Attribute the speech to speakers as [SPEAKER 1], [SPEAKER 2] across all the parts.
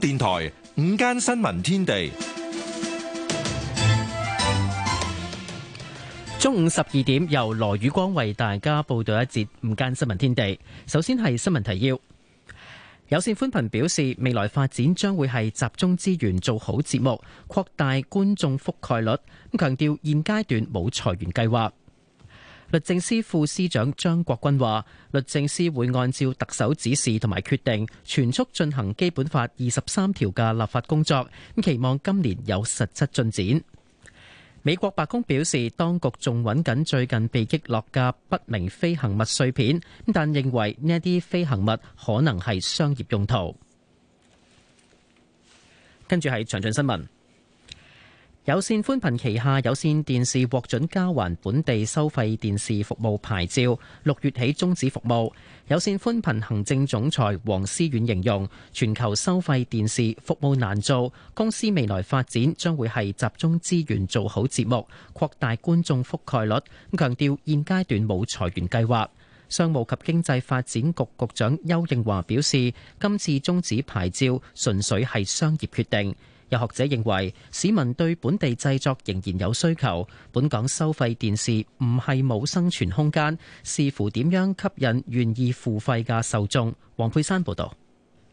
[SPEAKER 1] 電台午間新聞天地，
[SPEAKER 2] 中午十二點由羅宇光為大家報道一節午間新聞天地。首先係新聞提要，有線寬頻表示未來發展將會係集中資源做好節目，擴大觀眾覆蓋率。咁強調現階段冇裁員計劃。律政司副司長張國鈞話，律政司會按照特首指示同埋決定，全速進行基本法二十三條嘅立法工作，期望今年有實質進展。美國白宮表示，當局仲揾緊最近被擊落嘅不明飛行物碎片，但認為呢啲飛行物可能係商業用途。跟住係詳盡新聞。有線寬頻旗下有線電視獲准交還本地收費電視服務牌照，六月起終止服務。有線寬頻行政總裁黃思遠形容，全球收費電視服務難做，公司未來發展將會係集中資源做好節目，擴大觀眾覆蓋率。強調現階段冇裁員計劃。商務及經濟發展局局長邱應華表示，今次終止牌照純粹係商業決定。有學者認為市民對本地製作仍然有需求，本港收費電視唔係冇生存空間，視乎點樣吸引願意付費嘅受眾，黃佩珊報道。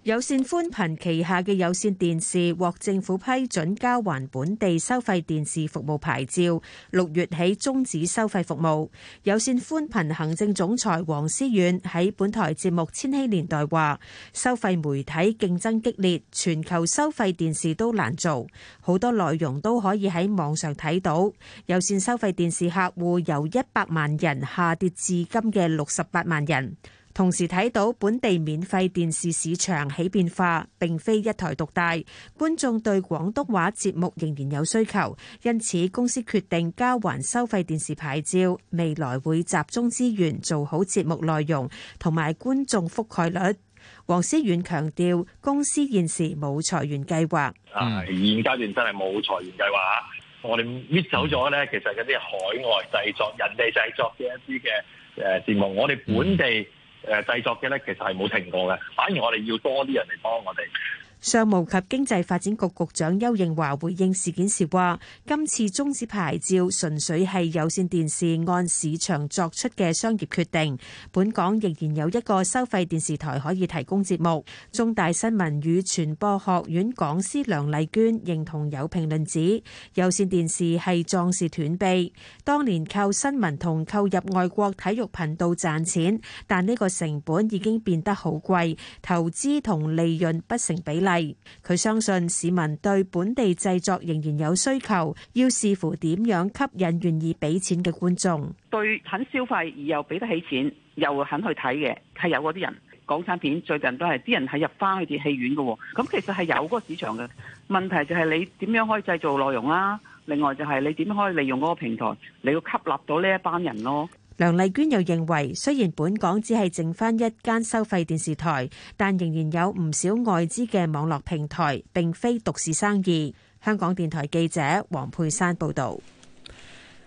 [SPEAKER 3] 有線寬頻旗下嘅有線電視獲政府批准交還本地收費電視服務牌照，六月起終止收費服務。有線寬頻行政總裁黃思遠喺本台節目《千禧年代》話：收費媒體競爭激烈，全球收費電視都難做，好多內容都可以喺網上睇到。有線收費電視客戶由一百萬人下跌至今嘅六十八萬人。同時睇到本地免費電視市場起變化，並非一台獨大，觀眾對廣東話節目仍然有需求，因此公司決定交還收費電視牌照，未來會集中資源做好節目內容同埋觀眾覆蓋率。黃思遠強調，公司現時冇裁員計劃。
[SPEAKER 4] 啊，現階段真係冇裁員計劃啊！我哋搣走咗咧，其實嗰啲海外製作、人哋製作嘅一啲嘅誒節目，我哋本地。誒製作嘅咧，其實係冇停過嘅，反而我哋要多啲人嚟幫我哋。
[SPEAKER 3] 商務及經濟發展局局長邱應華回應事件時話：今次終止牌照純粹係有線電視按市場作出嘅商業決定。本港仍然有一個收費電視台可以提供節目。中大新聞與傳播學院講師梁麗娟認同有評論指，有線電視係壯士斷臂，當年靠新聞同購入外國體育頻道賺錢，但呢個成本已經變得好貴，投資同利潤不成比例。佢相信市民對本地製作仍然有需求，要視乎點樣吸引願意俾錢嘅觀眾，
[SPEAKER 4] 對肯消費而又俾得起錢又肯去睇嘅係有嗰啲人，港產片最近都係啲人係入翻去啲戲院嘅，咁其實係有嗰個市場嘅。問題就係你點樣可以製造內容啦、啊，另外就係你點樣可以利用嗰個平台，你要吸納到呢一班人
[SPEAKER 3] 咯。梁麗娟又認為，雖然本港只係剩翻一間收費電視台，但仍然有唔少外資嘅網絡平台，並非獨市生意。香港電台記者黃佩珊報道。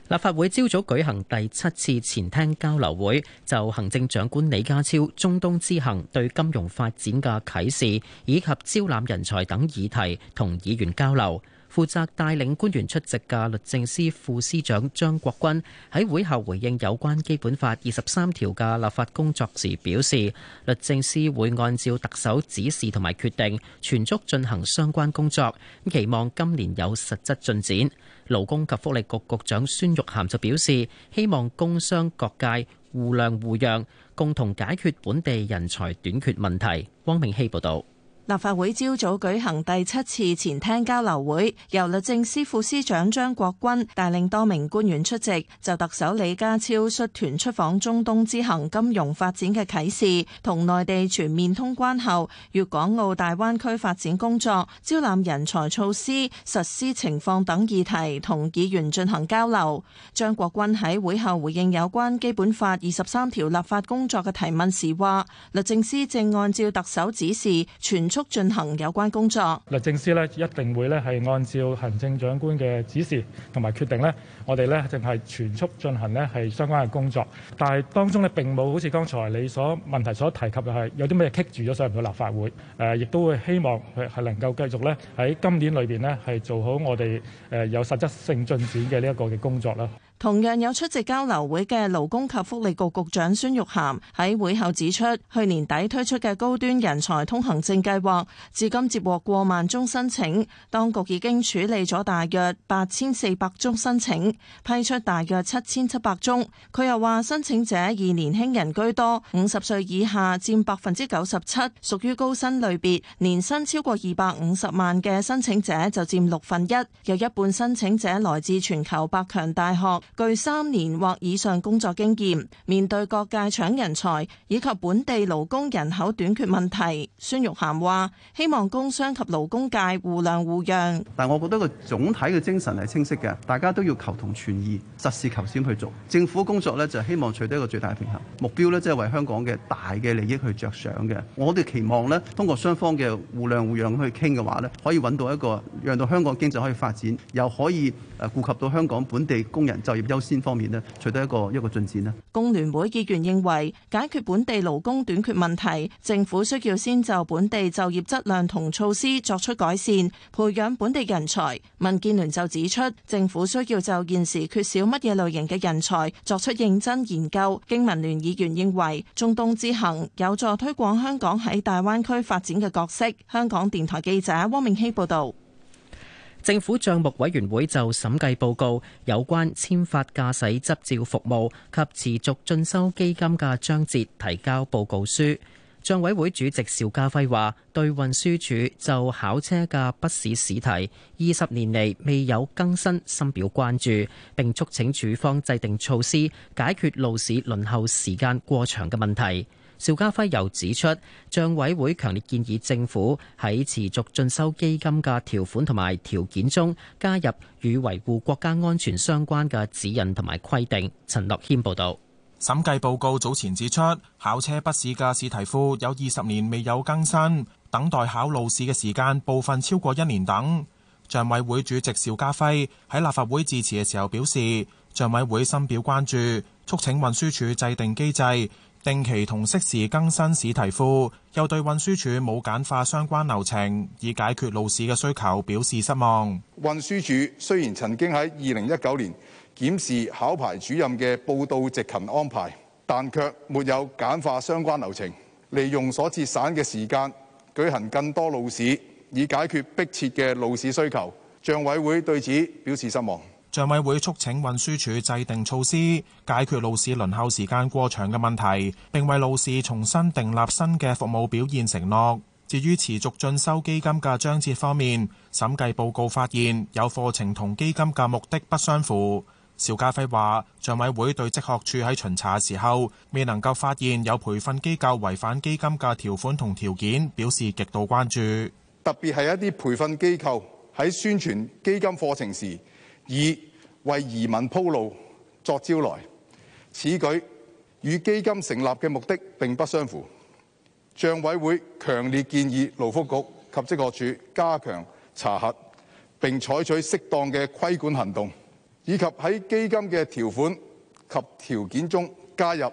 [SPEAKER 2] 立法會朝早舉行第七次前廳交流會，就行政長官李家超中東之行對金融發展嘅啟示，以及招攬人才等議題，同議員交流。負責帶領官員出席嘅律政司副司長張國軍喺會後回應有關基本法二十三條嘅立法工作時表示，律政司會按照特首指示同埋決定，全速進行相關工作。咁期望今年有實質進展。勞工及福利局局長孫玉涵就表示，希望工商各界互諒互讓，共同解決本地人才短缺問題。汪明希報導。
[SPEAKER 5] 立法會朝早舉行第七次前廳交流會，由律政司副司長張國鈞帶領多名官員出席，就特首李家超率團出訪中東之行、金融發展嘅啟示、同內地全面通關後粵港澳大灣區發展工作、招攬人才措施實施情況等議題，同議員進行交流。張國鈞喺會後回應有關《基本法》二十三條立法工作嘅提問時話，律政司正按照特首指示，全速速進行有關工作。
[SPEAKER 1] 律政司呢，一定會呢係按照行政長官嘅指示同埋決定呢，我哋呢淨係全速進行呢係相關嘅工作。但係當中呢並冇好似剛才你所問題所提及嘅係有啲咩棘住咗上唔到立法會。誒亦都會希望係能夠繼續呢喺今年裏邊呢係做好我哋誒有實質性進展嘅呢一個嘅工作啦。
[SPEAKER 5] 同樣有出席交流會嘅勞工及福利局局長孫玉菡喺會後指出，去年底推出嘅高端人才通行證計劃，至今接獲過萬宗申請，當局已經處理咗大約八千四百宗申請，批出大約七千七百宗。佢又話，申請者以年輕人居多，五十歲以下佔百分之九十七，屬於高薪類別，年薪超過二百五十萬嘅申請者就佔六分一，有一半申請者來自全球百強大學。具三年或以上工作經驗，面對各界搶人才以及本地勞工人口短缺問題，孫玉菡話希望工商及勞工界互諒互讓，
[SPEAKER 4] 但我覺得個總體嘅精神係清晰嘅，大家都要求同存異，實事求是去做。政府工作咧就希望取得一個最大平衡目標咧，即係為香港嘅大嘅利益去着想嘅。我哋期望咧通過雙方嘅互諒互讓去傾嘅話咧，可以揾到一個讓到香港經濟可以發展，又可以誒顧及到香港本地工人就業優先方面取得一個一個進展咧。
[SPEAKER 5] 工聯會議員認為，解決本地勞工短缺問題，政府需要先就本地就業質量同措施作出改善，培養本地人才。民建聯就指出，政府需要就現時缺少乜嘢類型嘅人才作出認真研究。經民聯議員認為，中東之行有助推廣香港喺大灣區發展嘅角色。香港電台記者汪明熙報道。政
[SPEAKER 2] 府賬目委員會就審計報告有關簽發駕駛執照服務及持續進修基金嘅章節提交報告書。賬委會主席邵家輝話，對運輸署就考車嘅筆試試題二十年嚟，未有更新，深表關注，並促請署方制定措施解決路試輪候時間過長嘅問題。邵家輝又指出，賬委會強烈建議政府喺持續進修基金嘅條款同埋條件中加入與維護國家安全相關嘅指引同埋規定。陳樂謙報道，審計報告早前指出，考車筆試嘅試題庫有二十年未
[SPEAKER 1] 有更新，等待考路試嘅時間部分超過一年等。賬委會主席邵家輝喺立法會致辭嘅時候表示，賬委會深表關注，促請運輸署制定機制。定期同適時更新試題庫，又對運輸署冇簡化相關流程以解決路試嘅需求表示失望。
[SPEAKER 6] 運輸署雖然曾經喺二零一九年檢視考牌主任嘅報到值勤安排，但卻沒有簡化相關流程，利用所節省嘅時間舉行更多路試，以解決迫切嘅路試需求。帳委會對此表示失望。
[SPEAKER 1] 賬委會促請運輸署制定措施，解決路試輪候時間過長嘅問題，並為路試重新訂立新嘅服務表現承諾。至於持續進修基金嘅章節方面，審計報告發現有課程同基金嘅目的不相符。邵家輝話，賬委會對職學處喺巡查時候未能夠發現有培訓機構違反基金嘅條款同條
[SPEAKER 6] 件，表示極度關注。特別係一啲培訓機構喺宣傳基金課程時，以為移民鋪路作招來，此舉與基金成立嘅目的並不相符。帳委會強烈建議勞福局及職業署加強查核，並採取適當嘅規管行動，以及喺基金嘅條款及條件中加入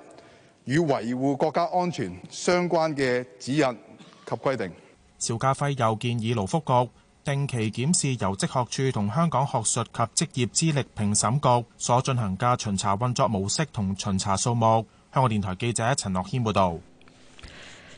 [SPEAKER 6] 與維護國家安全相關嘅指引及規定。
[SPEAKER 1] 邵家輝又建議勞福局。定期檢視由職學處同香港學術及職業資歷評審局所進行嘅巡查運作模式同巡查數目。香港電台記者陳樂謙報道。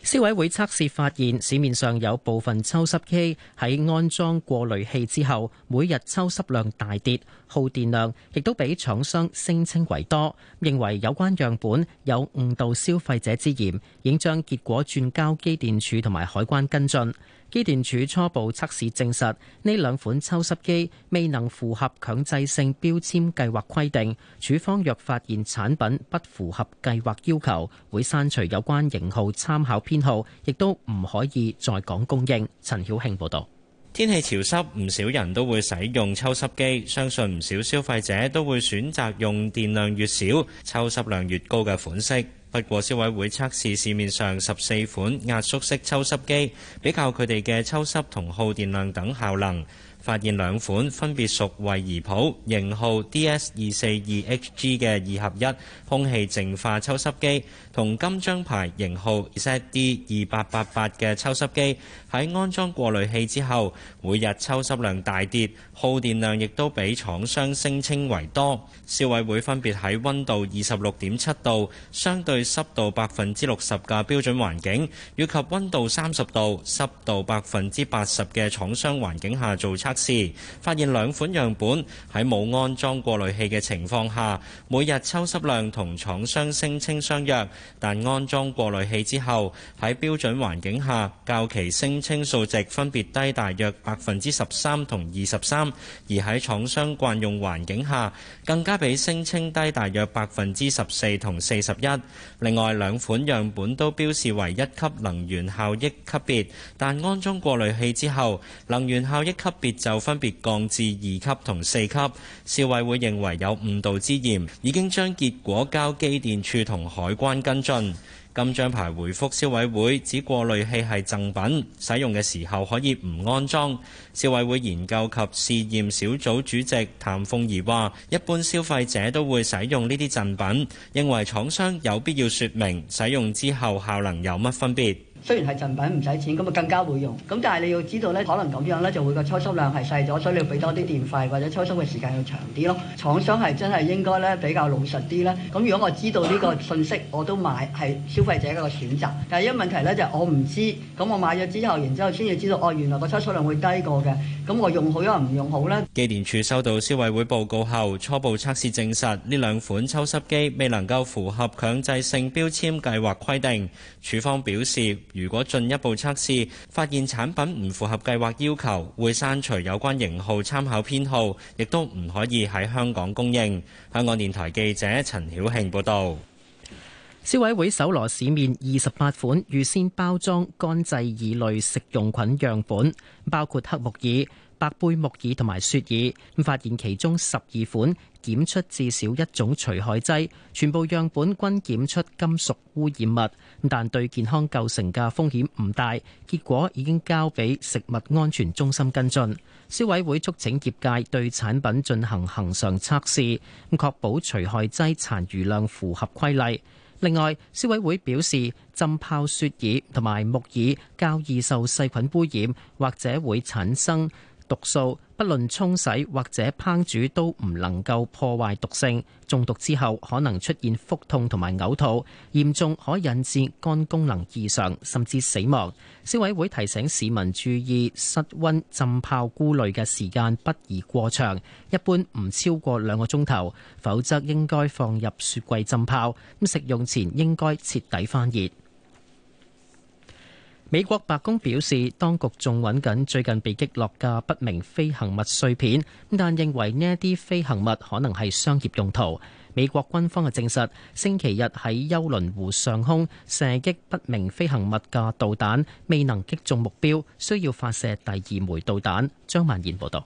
[SPEAKER 2] 消委會測試發現，市面上有部分抽濕機喺安裝過濾器之後，每日抽濕量大跌，耗電量亦都比廠商聲稱為多。認為有關樣本有誤導消費者之嫌，已經將結果轉交機電處同埋海關跟進。機電署初步測試證實，呢兩款抽濕機未能符合強制性標籤計劃規定。署方若發現產品不符合計劃要求，會刪除有關型號參考編號，亦都唔可以再講供應。陳曉慶報道。
[SPEAKER 7] 天氣潮濕，唔少人都會使用抽濕機，相信唔少消費者都會選擇用電量越少、抽濕量越高嘅款式。不過消委會測試市面上十四款壓縮式抽濕機，比較佢哋嘅抽濕同耗電量等效能。發現兩款分別屬惠而浦型號 DS 二四二 HG 嘅二合一空氣淨化抽濕機同金章牌型號 SD 二八八八嘅抽濕機，喺安裝過濾器之後，每日抽濕量大跌，耗電量亦都比廠商聲稱為多。消委會分別喺溫度二十六點七度、相對濕度百分之六十嘅標準環境，以及溫度三十度、濕度百分之八十嘅廠商環境下做測。測試發現兩款樣本喺冇安裝過濾器嘅情況下，每日抽濕量同廠商聲稱相若；但安裝過濾器之後，喺標準環境下較其聲稱數值分別低大約百分之十三同二十三，而喺廠商慣用環境下，更加比聲稱低大約百分之十四同四十一。另外兩款樣本都標示為一級能源效益級別，但安裝過濾器之後，能源效益級別就分別降至二級同四級，消委會認為有誤導之嫌，已經將結果交機電處同海關跟進。金章牌回覆消委會，指過濾器係贈品，使用嘅時候可以唔安裝。消委會研究及試驗小組主席譚鳳儀話，一般消費者都會使用呢啲贈品，認為廠商有必要說明使用之後效能有乜分別。
[SPEAKER 8] 雖然係贈品唔使錢，咁咪更加會用。咁但係你要知道呢可能咁樣呢就會個抽濕量係細咗，所以你要俾多啲電費，或者抽濕嘅時間要長啲咯。廠商係真係應該呢比較老實啲啦。咁如果我知道呢個信息，我都買係消費者嘅一個選擇。但係一個問題呢，就係我唔知，咁我買咗之後，然之後先至知道，哦，原來個抽濕量會低過嘅。咁我用好又，唔用好呢？
[SPEAKER 7] 機電署收到消委會報告後，初步測試證實呢兩款抽濕機未能夠符合強制性標籤計劃規定。署方表示。如果進一步測試發現產品唔符合計劃要求，會刪除有關型號參考編號，亦都唔可以喺香港供應。香港電台記者陳曉慶報導。
[SPEAKER 2] 消委會搜羅市面二十八款預先包裝乾製二類食用菌樣本，包括黑木耳。白貝木耳同埋雪耳咁，發現其中十二款檢出至少一種除害劑，全部樣本均檢出金屬污染物。但對健康構成嘅風險唔大，結果已經交俾食物安全中心跟進、嗯。消委會促請業界對產品進行恒常測試，咁確保除害劑殘餘量符合規例。另外，消委會表示，浸泡雪耳同埋木耳較易受細菌污染，或者會產生毒素，不論沖洗或者烹煮都唔能夠破壞毒性。中毒之後可能出現腹痛同埋嘔吐，嚴重可引致肝功能異常，甚至死亡。消委會提醒市民注意，室温浸泡菇類嘅時間不宜過長，一般唔超過兩個鐘頭，否則應該放入雪櫃浸泡。咁食用前應該徹底翻熱。美國白宮表示，當局仲揾緊最近被擊落嘅不明飛行物碎片，但認為呢一啲飛行物可能係商業用途。美國軍方嘅證實，星期日喺休倫湖上空射擊不明飛行物嘅導彈未能擊中目標，需要發射第二枚導彈。張曼燕報道。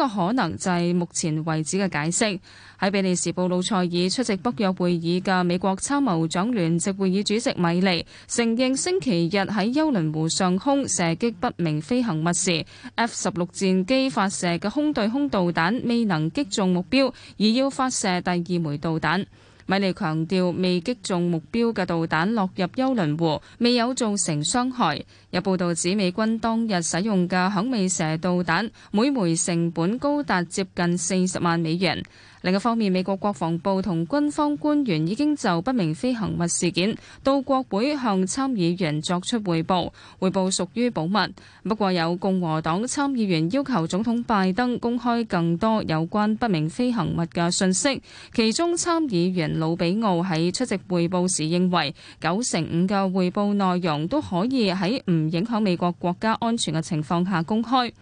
[SPEAKER 9] 呢個可能就係目前為止嘅解釋。喺比利時布魯塞爾出席北約會議嘅美國參謀長聯席會議主席米利承認，星期日喺休倫湖上空射擊不明飛行物時，F 十六戰機發射嘅空對空導彈未能擊中目標，而要發射第二枚導彈。米利強調，未擊中目標嘅導彈落入休倫湖，未有造成傷害。有報道指，美軍當日使用嘅響尾蛇導彈，每枚成本高達接近四十萬美元。另一方面，美國國防部同軍方官員已經就不明飛行物事件到國會向參議員作出匯報，匯報屬於保密。不過，有共和黨參議員要求總統拜登公開更多有關不明飛行物嘅信息。其中，參議員魯比奧喺出席匯報時認為，九成五嘅彙報內容都可以喺唔影響美國國家安全嘅情況下公開。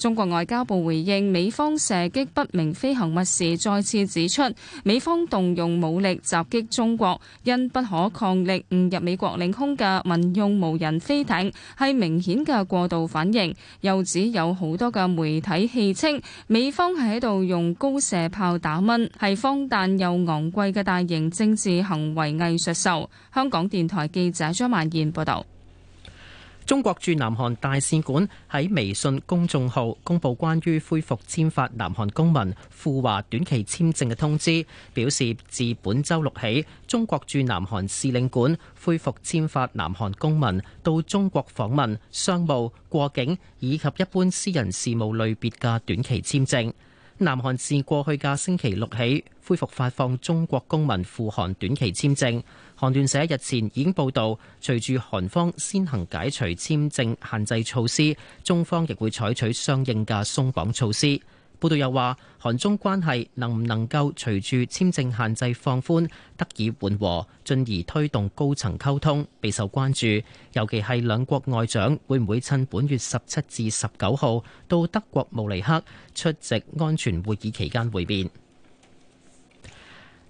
[SPEAKER 9] 中國外交部回應美方射擊不明飛行物時再次指出，美方動用武力襲擊中國，因不可抗力，誤入美國領空的民用無人飛艇，係明顯的過度反應，又指有好多嘅媒體戲稱，美方係喺度用高射炮打蚊，係荒誕又昂貴的大型政治行為藝術秀。香港電台記者張曼燕報道。
[SPEAKER 2] 中國駐南韓大使館喺微信公眾號公布關於恢復簽發南韓公民赴華短期簽證嘅通知，表示自本週六起，中國駐南韓使領館恢復簽發南韓公民到中國訪問、商務、過境以及一般私人事務類別嘅短期簽證。南韓自過去嘅星期六起，恢復發放中國公民赴韓短期簽證。韓聯社日前已經報道，隨住韓方先行解除簽證限制措施，中方亦會採取相應嘅鬆綁措施。報道又話，韓中關係能唔能夠隨住簽證限制放寬得以緩和，進而推動高層溝通，備受關注。尤其係兩國外長會唔會趁本月十七至十九號到德國慕尼克出席安全會議期間會面。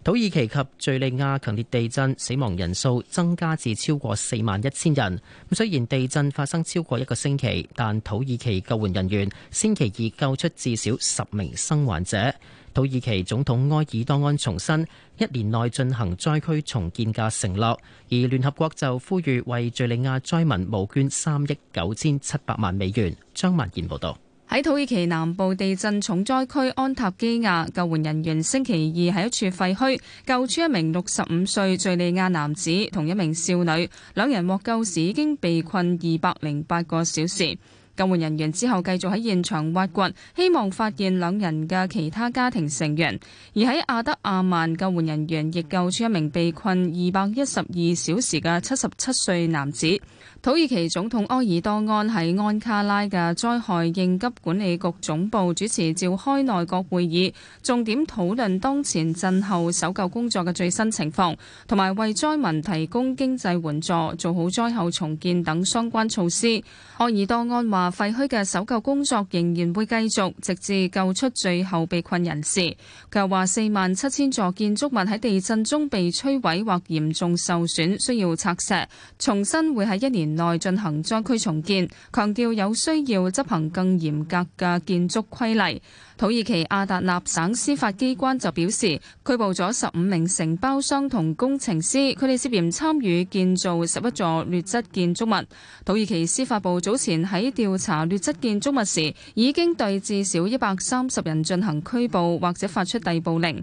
[SPEAKER 2] 土耳其及敘利亞強烈地震，死亡人數增加至超過四萬一千人。雖然地震發生超過一個星期，但土耳其救援人員星期二救出至少十名生還者。土耳其總統埃爾多安重申一年內進行災區重建嘅承諾，而聯合國就呼籲為敘利亞災民募捐三億九千七百萬美元。張文賢報道。
[SPEAKER 9] 喺土耳其南部地震重災區安塔基亞，救援人員星期二喺一處廢墟救出一名六十五歲敍利亞男子同一名少女，兩人獲救時已經被困二百零八個小時。救援人員之後繼續喺現場挖掘，希望發現兩人嘅其他家庭成員。而喺阿德亞曼，救援人員亦救出一名被困二百一十二小時嘅七十七歲男子。土耳其總統埃爾多安喺安卡拉嘅災害應急管理局總部主持召開內閣會議，重點討論當前震後搜救工作嘅最新情況，同埋為災民提供經濟援助、做好災後重建等相關措施。埃爾多安話：廢墟嘅搜救工作仍然會繼續，直至救出最後被困人士。佢又話：四萬七千座建築物喺地震中被摧毀或嚴重受損，需要拆石，重新會喺一年內進行災區重建，強調有需要執行更嚴格嘅建築規例。土耳其阿達納省司法機關就表示，拘捕咗十五名承包商同工程師，佢哋涉嫌參與建造十一座劣質建築物。土耳其司法部早前喺調查劣質建築物時，已經對至少一百三十人進行拘捕或者發出逮捕令。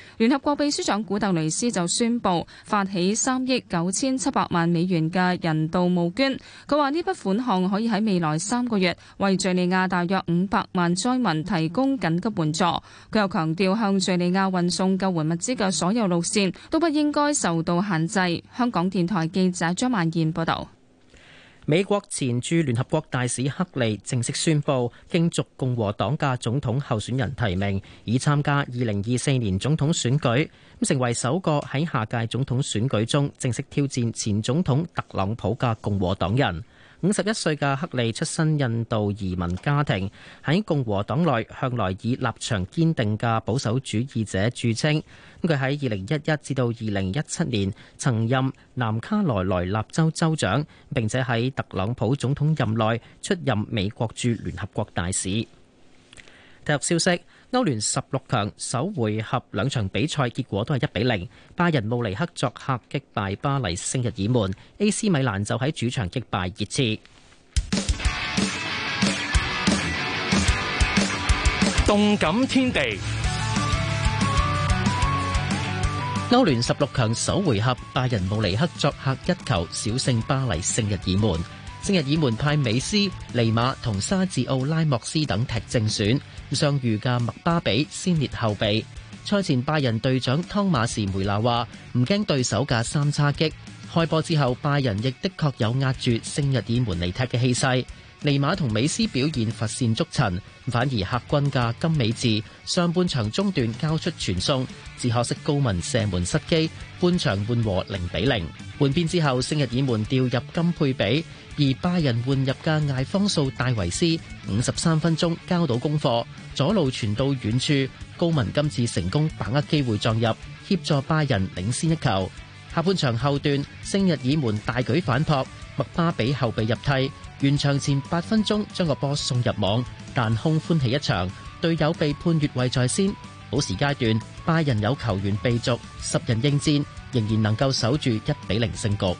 [SPEAKER 9] 聯合國秘書長古特雷斯就宣布發起三億九千七百萬美元嘅人道募捐，佢話呢筆款項可以喺未來三個月為敘利亞大約五百萬災民提供緊急援助。佢又強調向敘利亞運送救援物資嘅所有路線都不應該受到限制。香港電台記者張曼燕報道。
[SPEAKER 2] 美國前駐聯合國大使克利正式宣布，競逐共和黨嘅總統候選人提名，以參加二零二四年總統選舉，咁成為首個喺下屆總統選舉中正式挑戰前總統特朗普嘅共和黨人。五十一歲嘅克利出身印度移民家庭，喺共和黨內向來以立場堅定嘅保守主義者著稱。咁佢喺二零一一至到二零一七年，曾任南卡羅萊納州州長，並且喺特朗普總統任內出任美國駐聯合國大使。體育消息。歐聯十六強首回合兩場比賽結果都係一比零，拜仁慕尼黑作客擊敗巴黎聖日耳門，A.C. 米蘭就喺主場擊敗熱刺。動感天地，歐聯十六強首回合，拜仁慕尼黑作客一球小勝巴黎聖日耳門。聖日耳門派美斯、尼馬同沙治奧拉莫斯等踢正選，相遇嘅麥巴比先列後備。賽前拜仁隊長湯馬士梅拿話唔驚對手嘅三叉戟。開波之後，拜仁亦的確有壓住聖日耳門嚟踢嘅氣勢。尼馬同美斯表現乏善足陳，反而客軍嘅金美治上半場中段交出傳送，只可惜高文射門失機。場換0 :0 半場半和零比零。換邊之後，聖日耳門調入金配比。而拜仁換入嘅艾方素戴維斯五十三分鐘交到功課，左路傳到遠處，高文今次成功把握機會撞入，協助拜仁領先一球。下半場後段，聖日耳門大舉反撲，麥巴比後備入替，完場前八分鐘將個波送入網，但空歡喜一場，隊友被判越位在先。補時階段，拜仁有球員被逐，十人應戰，仍然能夠守住一比零勝局。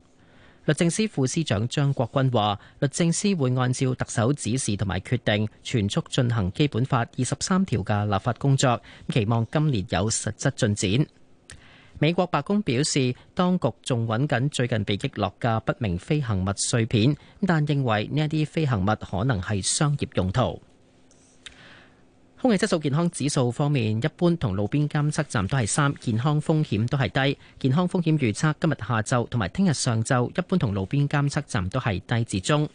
[SPEAKER 2] 律政司副司長張國軍話，律政司會按照特首指示同埋決定，全速進行《基本法》二十三條嘅立法工作，期望今年有實質進展。美國白宮表示，當局仲搵緊最近被擊落嘅不明飛行物碎片，但認為呢一啲飛行物可能係商業用途。空氣質素健康指數方面，一般同路邊監測站都係三，健康風險都係低。健康風險預測今日下晝同埋聽日上晝，一般同路邊監測站都係低至中。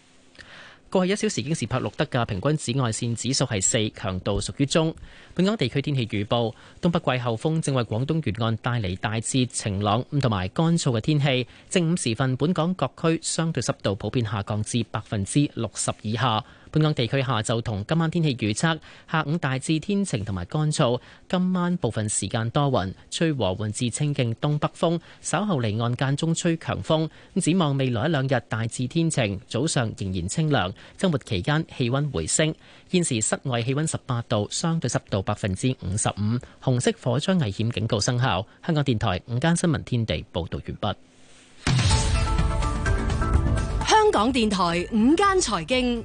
[SPEAKER 2] 過去一小時京士柏錄得嘅平均紫外線指數係四，強度屬於中。本港地區天氣預報：東北季候風正為廣東沿岸帶嚟大致晴朗同埋乾燥嘅天氣。正午時分，本港各區相對濕度普遍下降至百分之六十以下。本港地區下晝同今晚天氣預測：下午大致天晴同埋乾燥，今晚部分時間多雲，吹和緩至清勁東北風，稍後離岸間中吹強風。展望未來一兩日大致天晴，早上仍然清涼，週末期間氣溫回升。現時室外氣溫十八度，相對濕度百分之五十五，紅色火災危險警告生效。香港電台午間新聞天地報道完畢。
[SPEAKER 10] 香港電台午間財經。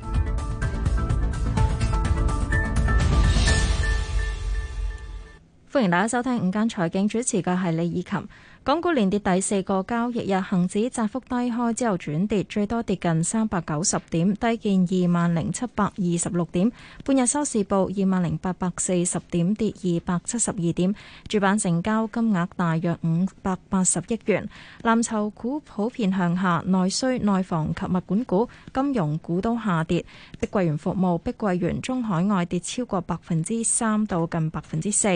[SPEAKER 10] 歡迎大家收聽午間財經，主持嘅係李以琴。港股連跌第四個交易日，恒指窄幅低開之後轉跌，最多跌近三百九十點，低見二萬零七百二十六點。半日收市報二萬零八百四十點，跌二百七十二點。主板成交金額大約五百八十億元。藍籌股普遍向下，內需、內房及物管股、金融股都下跌。碧桂園服務、碧桂園中海外跌超過百分之三到近百分之四。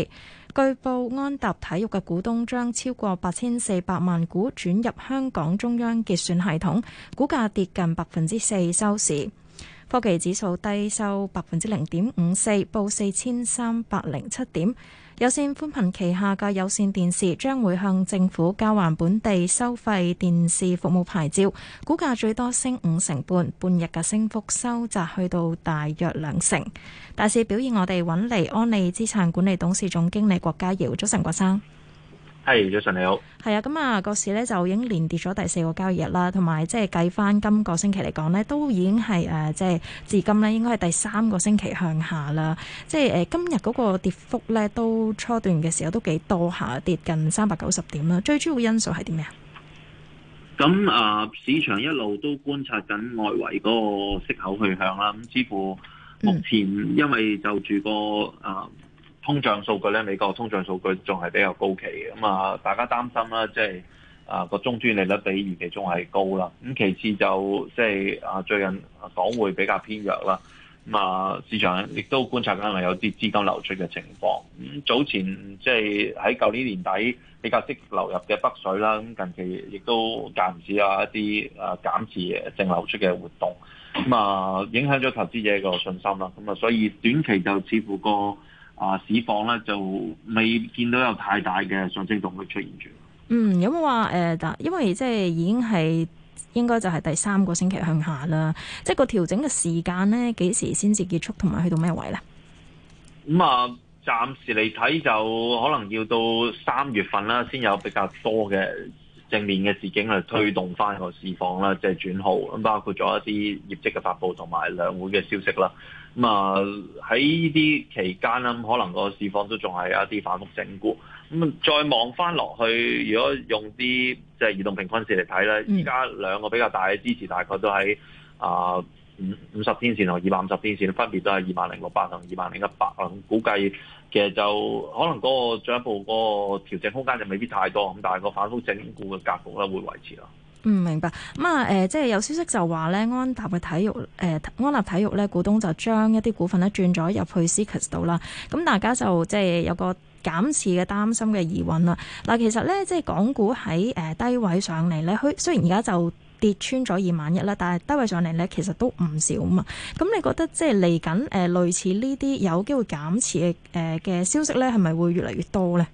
[SPEAKER 10] 據報，安踏體育嘅股東將超過八千四百萬股轉入香港中央結算系統，股價跌近百分之四收市。科技指數低收百分之零點五四，報四千三百零七點。有綫寬頻旗下嘅有綫電視將會向政府交還本地收費電視服務牌照，股價最多升五成半，半日嘅升幅收窄去到大約兩成。大市表現，我哋搵嚟安利資產管理董事總經理郭家堯，早晨，郭生。係早晨，你好。係啊，咁啊，個市咧就已經連跌咗第四個交易日啦，同埋即係計翻今個星期嚟講咧，都已經係誒，即、呃、係至今咧應該係第三個星期向下啦。即係誒，今日嗰個跌幅咧都初段嘅時候都幾多下，跌近三百九十點啦。最主要因素係啲咩啊？
[SPEAKER 4] 咁啊，市場一路都觀察緊外圍嗰個息口去向啦。咁，似乎目前、嗯、因為就住個誒。啊通脹數據咧，美國通脹數據仲係比較高企嘅，咁啊，大家擔心啦，即、就、係、是、啊個終端利率比預期中係高啦。咁其次就即係、就是、啊最近港匯比較偏弱啦，咁啊市場亦都觀察緊係咪有啲資金流出嘅情況。咁早前即係喺舊年年底比較積極流入嘅北水啦，咁近期亦都間唔時有一啲啊減持淨流出嘅活動，咁啊影響咗投資者個信心啦。咁啊，所以短期就似乎個。啊！市況咧就未見到有太大嘅上升動力出現住。嗯，
[SPEAKER 10] 有冇話誒？但、呃、因為即係已經係應該就係第三個星期向下啦。即係個調整嘅時間咧，幾時先至結束，同埋去到咩位咧？
[SPEAKER 4] 咁、嗯、啊，暫時嚟睇就可能要到三月份啦，先有比較多嘅正面嘅事件去推動翻個市況啦，即、嗯、係、就是、轉好咁，包括咗一啲業績嘅發佈同埋兩會嘅消息啦。咁啊喺呢啲期間啦，咁可能個市況都仲係有一啲反覆整固。咁再望翻落去，如果用啲即係移動平均線嚟睇咧，而家兩個比較大嘅支持大概都喺啊五五十天線同二百五十天線，分別都係二萬零六百同二萬零一百啊。咁估計其實就可能嗰個進一步嗰個調整空間就未必太多。咁但係個反覆整固嘅格局咧會維持咯。
[SPEAKER 10] 唔、嗯、明白。咁啊，即係有消息就話咧，安踏嘅體育，安踏體育咧，呃、育股東就將一啲股份咧轉咗入去 seekers 度啦。咁大家就即係有個減持嘅擔心嘅疑問啦。嗱，其實咧，即係港股喺低位上嚟咧，雖雖然而家就跌穿咗二萬一啦，但係低位上嚟咧，其實都唔少啊嘛。咁你覺得即係嚟緊誒，類似呢啲有機會減持嘅嘅消息咧，係咪會越嚟越多咧？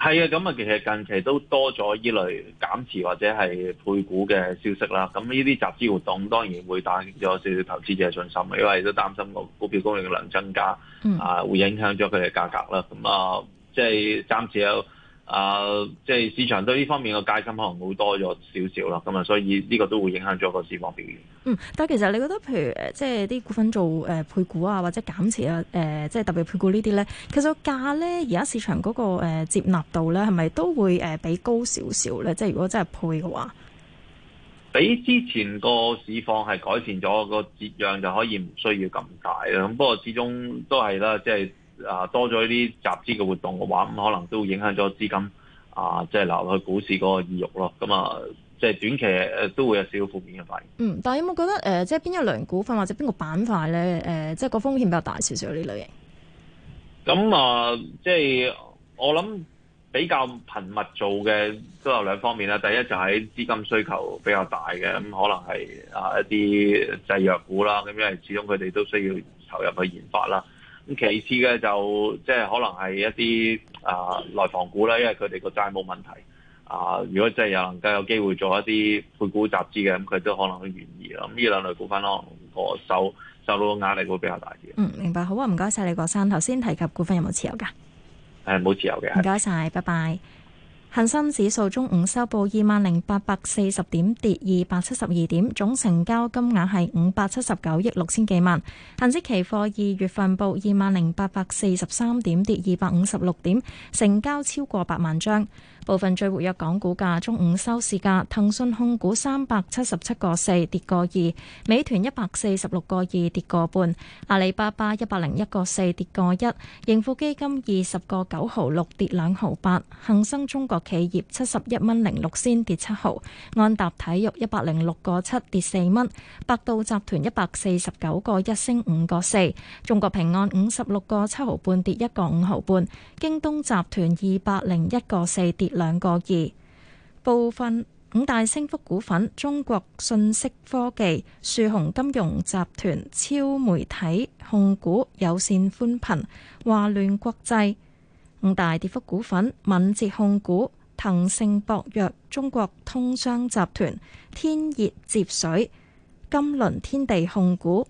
[SPEAKER 4] 係啊，咁啊，其實近期都多咗依類減持或者係配股嘅消息啦。咁呢啲集資活動當然會打擊咗少少投資者嘅信心，因為都擔心個股票供應量增加，啊會影響咗佢哋嘅價格啦。咁啊，即係暫時有。啊，即係市場對呢方面嘅戒心可能會多咗少少啦，咁啊，所以呢個都會影響咗個市況表現。嗯，
[SPEAKER 10] 但係其實你覺得，譬如誒，即係啲股份做誒配股啊，或者減持啊，誒、呃，即係特別配股呢啲咧，其實價咧，而家市場嗰個、呃、接納度咧，係咪都會誒比高少少咧？即係如果真係配嘅話，
[SPEAKER 4] 比之前個市況係改善咗，個折讓就可以唔需要咁大啦。咁不過始終都係啦，即係。啊，多咗啲集資嘅活動嘅話，咁可能都影響咗資金啊，即係流去股市嗰個意欲咯。咁啊，即係短期誒都會有少少負面嘅反應。
[SPEAKER 10] 嗯，但係有冇覺得誒、呃，即係邊一類股份或者邊個板塊咧？誒、呃，即係個風險比較大少少呢類型。
[SPEAKER 4] 咁、嗯嗯、啊，即係我諗比較頻密做嘅都有兩方面啦。第一就喺資金需求比較大嘅，咁、嗯嗯、可能係啊一啲製藥股啦。咁因為始終佢哋都需要投入去研發啦。咁其次嘅就即係可能係一啲啊內房股啦，因為佢哋個債務問題啊、呃，如果真係有能夠有機會做一啲配股集資嘅，咁、嗯、佢都可能會願意咯。咁呢兩類股份可能個受受到嘅壓力會比較大啲。
[SPEAKER 10] 嗯，明白，好啊，唔該晒。李國生，頭先提及股份有冇持有㗎？誒，
[SPEAKER 4] 冇持有嘅。唔該
[SPEAKER 10] 晒，拜拜。恒生指數中午收報二萬零八百四十點，跌二百七十二點，總成交金額係五百七十九億六千幾萬。恒指期貨二月份報二萬零八百四十三點，跌二百五十六點，成交超過八萬張。部分最活躍港股價中午收市價，騰訊控股三百七十七個四跌個二，美團一百四十六個二跌個半，阿里巴巴一百零一個四跌個一，盈富基金二十個九毫六跌兩毫八，恒生中國企業七十一蚊零六仙跌七毫，安踏體育一百零六個七跌四蚊，百度集團一百四十九個一升五個四，中國平安五十六個七毫半跌一個五毫半，京東集團二百零一個四跌兩個二。部分五大升幅股份：中國信息科技、樹紅金融集團、超媒體控股、有線寬頻、華聯國際；五大跌幅股份：敏捷控股、騰盛博藥、中國通商集團、天熱接水、金輪天地控股。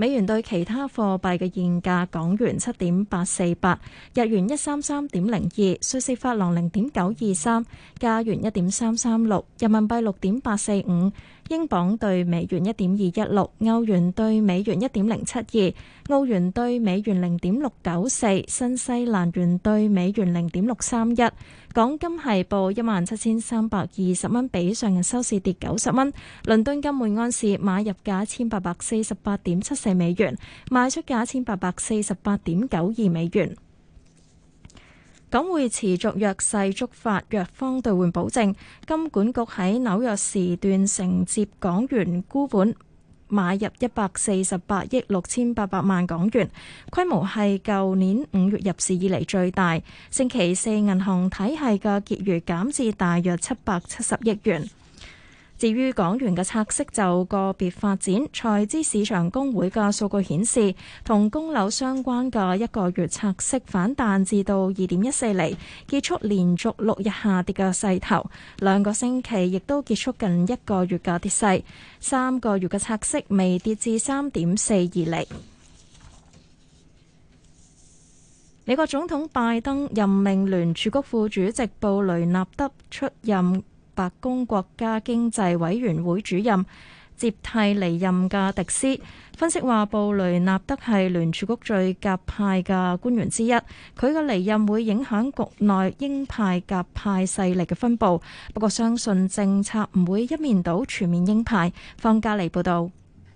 [SPEAKER 10] 美元兌其他貨幣嘅現價：港元七點八四八，日元一三三點零二，瑞士法郎零點九二三，加元一點三三六，人民幣六點八四五，英鎊對美元一點二一六，歐元對美元一點零七二，澳元對美元零點六九四，新西蘭元對美元零點六三一。港金係報一萬七千三百二十蚊，比上日收市跌九十蚊。倫敦金每安士買入價一千八百四十八點七四美元，賣出價一千八百四十八點九二美元。港匯持續弱勢，觸發弱方兌換保證。金管局喺紐約時段承接港元沽盤。買入一百四十八億六千八百萬港元，規模係舊年五月入市以嚟最大。星期四銀行體系嘅結餘減至大約七百七十億元。至於港元嘅拆息就個別發展，財資市場公會嘅數據顯示，同供樓相關嘅一個月拆息反彈至到二點一四厘，結束連續六日下跌嘅勢頭。兩個星期亦都結束近一個月嘅跌勢，三個月嘅拆息未跌至三點四二厘。美國總統拜登任命聯儲局副主席布雷納德出任。白宮國家經濟委員會主任接替離任嘅迪斯。分析話布雷納德係聯儲局最鴿派嘅官員之一，佢嘅離任會影響國內鷹派鴿派勢力嘅分布。不過相信政策唔會一面倒，全面鷹派。方家莉報道，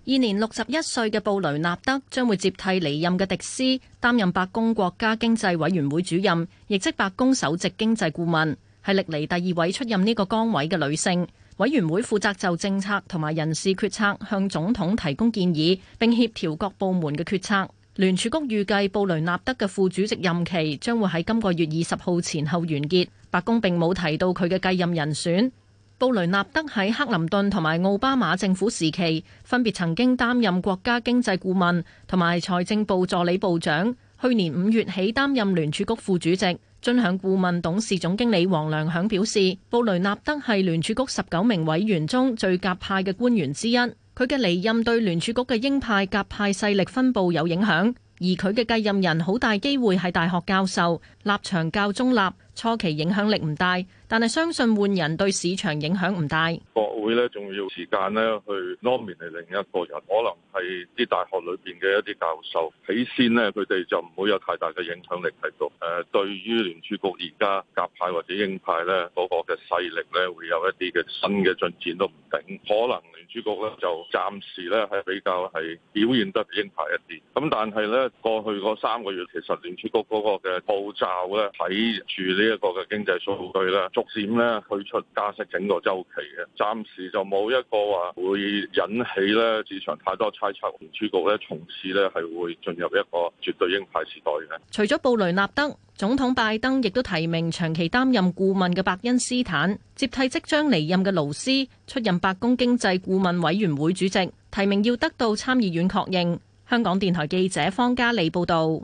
[SPEAKER 11] 現年六十一歲嘅布雷納德將會接替離任嘅迪斯，擔任白宮國家經濟委員會主任，亦即白宮首席經濟顧問。係歷嚟第二位出任呢個崗位嘅女性。委員會負責就政策同埋人事決策向總統提供建議，並協調各部門嘅決策。聯儲局預計布雷納德嘅副主席任期將會喺今個月二十號前後完結。白宮並冇提到佢嘅繼任人選。布雷納德喺克林頓同埋奧巴馬政府時期分別曾經擔任國家經濟顧問同埋財政部助理部長。去年五月起擔任聯儲局副主席。尊享顧問董事總經理黃良響表示，布雷納德係聯儲局十九名委員中最鴿派嘅官員之一，佢嘅離任對聯儲局嘅鷹派鴿派勢力分布有影響，而佢嘅繼任人好大機會係大學教授，立場較中立，初期影響力唔大。但係相信換人對市場影響唔大。
[SPEAKER 6] 國會咧仲要時
[SPEAKER 4] 間咧去攞面嚟另一個人，可能係啲大學裏邊嘅一啲教授。起先咧佢哋就唔會有太大嘅影響力喺度。誒，對於聯儲局而家鴿派或者鷹派咧，嗰個嘅勢力咧會有一啲嘅新嘅進展都唔定。可能聯儲局咧就暫時咧係比較係表現得鷹派一啲。咁但係咧過去嗰三個月其實聯儲局嗰個嘅步驟咧睇住呢一個嘅經濟數據咧，漸呢退出加息整個周期嘅，暫時就冇一個話會引起呢市場太多猜測，聯儲局呢從此呢係會進入一個絕對鷹派時代嘅。除
[SPEAKER 11] 咗布雷納德，總統拜登亦都提名長期擔任顧問嘅伯恩斯坦接替即將離任嘅勞斯出任白宮經濟顧問委員會主席，提名要得到參議院確認。香港電台記者方
[SPEAKER 8] 嘉莉報道。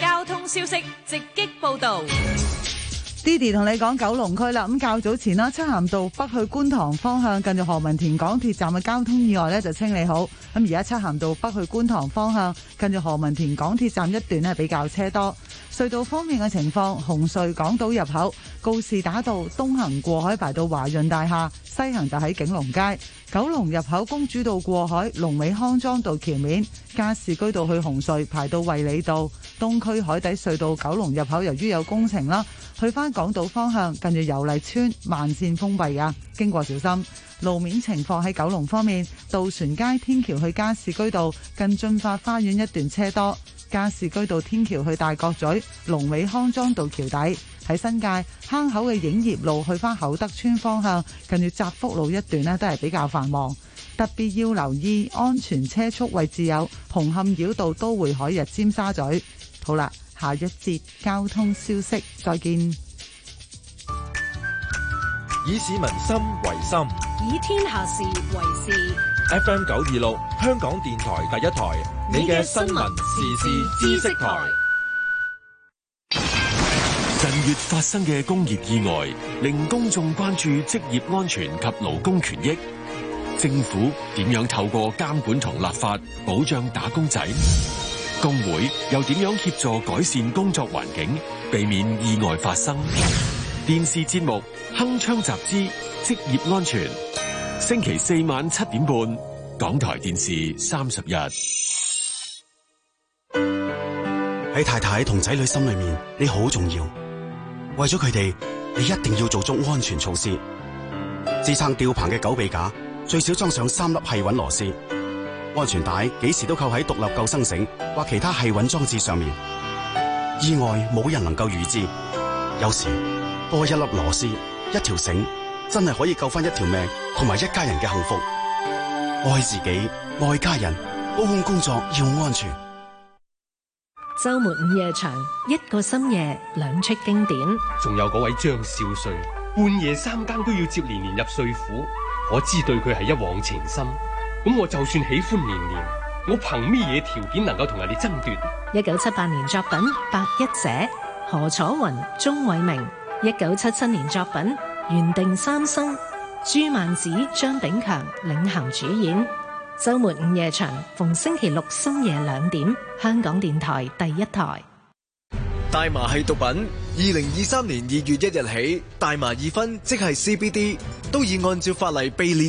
[SPEAKER 11] 交通消息直擊報道。
[SPEAKER 8] Didi 同你講九龍區啦，咁較早前啦，漆咸道北去觀塘方向，近住何文田港鐵站嘅交通意外咧，就清理好，咁而家漆咸道北去觀塘方向，近住何文田港鐵站一段咧比較車多。隧道方面嘅情況，紅隧港島入口告士打道東行過海排到華潤大廈，西行就喺景隆街；九龍入口公主道過海，龍尾康莊道橋面，加士居道去紅隧排到衛理道。東區海底隧道九龍入口由於有工程啦，去翻港島方向近住游泥村慢綫封閉啊，經過小心。路面情況喺九龍方面，渡船街天橋去加士居道近駿發花園一段車多。加士居道天橋去大角咀、龍尾康莊道橋底，喺新界坑口嘅影業路去翻厚德村方向，近住澤福路一段呢都係比較繁忙，特別要留意安全車速位置有紅磡繞道、都會海日、尖沙咀。好啦，下一節交通消息，再見。
[SPEAKER 4] 以市民心為心，以
[SPEAKER 11] 天下事為事。
[SPEAKER 4] FM 九二六，香港電台第一台，你嘅
[SPEAKER 11] 新
[SPEAKER 7] 聞時事知識台。
[SPEAKER 1] 近月發生嘅工業意外，令公眾關注職業安全及勞工權益。政府點樣透過監管同立法保障打工仔？工會又點樣協助改善工作環境，避免意外發生？電視節目《鏗鏘集資》職業安全。星期四晚七點半，港台電視三十日。喺太太同仔女心裏面，你好重要。為咗佢哋，你一定要做足安全措施。支撐吊棚嘅狗臂架最少裝上三粒繫穩螺絲。安全帶幾時都扣喺獨立救生繩或其他繫穩裝置上面。意外冇人能夠預知，有時多一粒螺絲，一條繩，真係可以救翻一條命同埋一家人嘅幸福。愛自己，愛家人，高空工作要安全。
[SPEAKER 11] 周末午夜場，一個深夜兩出經典。
[SPEAKER 6] 仲有嗰位張少帥，半夜三更都要接蓮蓮入帥府，我知對佢係一往情深。咁我就算喜歡蓮蓮，我憑咩嘢條件
[SPEAKER 11] 能夠同人哋爭奪？一九七八年作品《白一姐》，何楚云、鐘偉明。一九七七年作品。緣定三生，朱曼子、張炳強領銜主演。周末午夜場，逢星期六深夜兩點，香港電台第一台。
[SPEAKER 1] 大麻係毒品。二零二
[SPEAKER 9] 三年二月一日起，大麻二酚即係 CBD，都已按照法例被列。